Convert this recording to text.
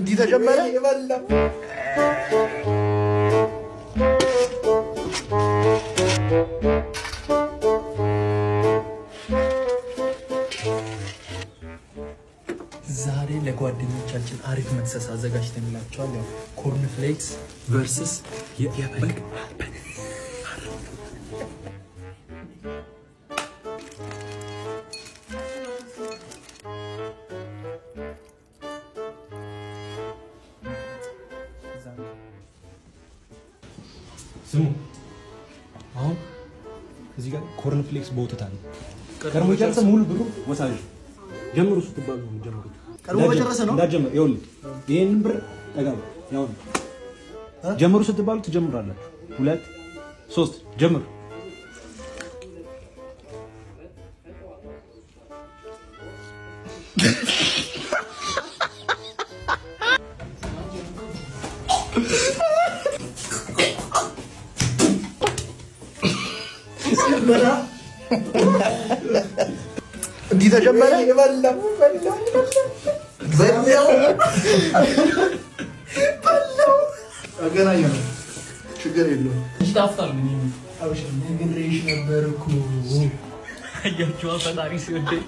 እንዲህ ተጀመረ። ዛሬ ለጓደኞቻችን አሪፍ መክሰስ አዘጋጅተንላቸዋል። ያው ኮርንፍሌክስ ቨርስስ የበግ ስሙ አሁን እዚህ ጋር ኮርንፍሌክስ በወተት አለ። ቀድሞ የጨረሰ ሙሉ ብሩ ወሳጅ ጀምሩ ስትባሉ ነው የምትጀምሩት። ቀድሞ የጨረሰ ነው እንዳትጀምር። ይኸውልህ ይሄንን ብር ጠጋ ያው ጀምሩ ስትባሉ ትጀምራላችሁ። ሁለት ሶስት ጀምር። እንዲህ ተጀመረ። ችግር የለውም። ፈጣሪ ሲወደኝ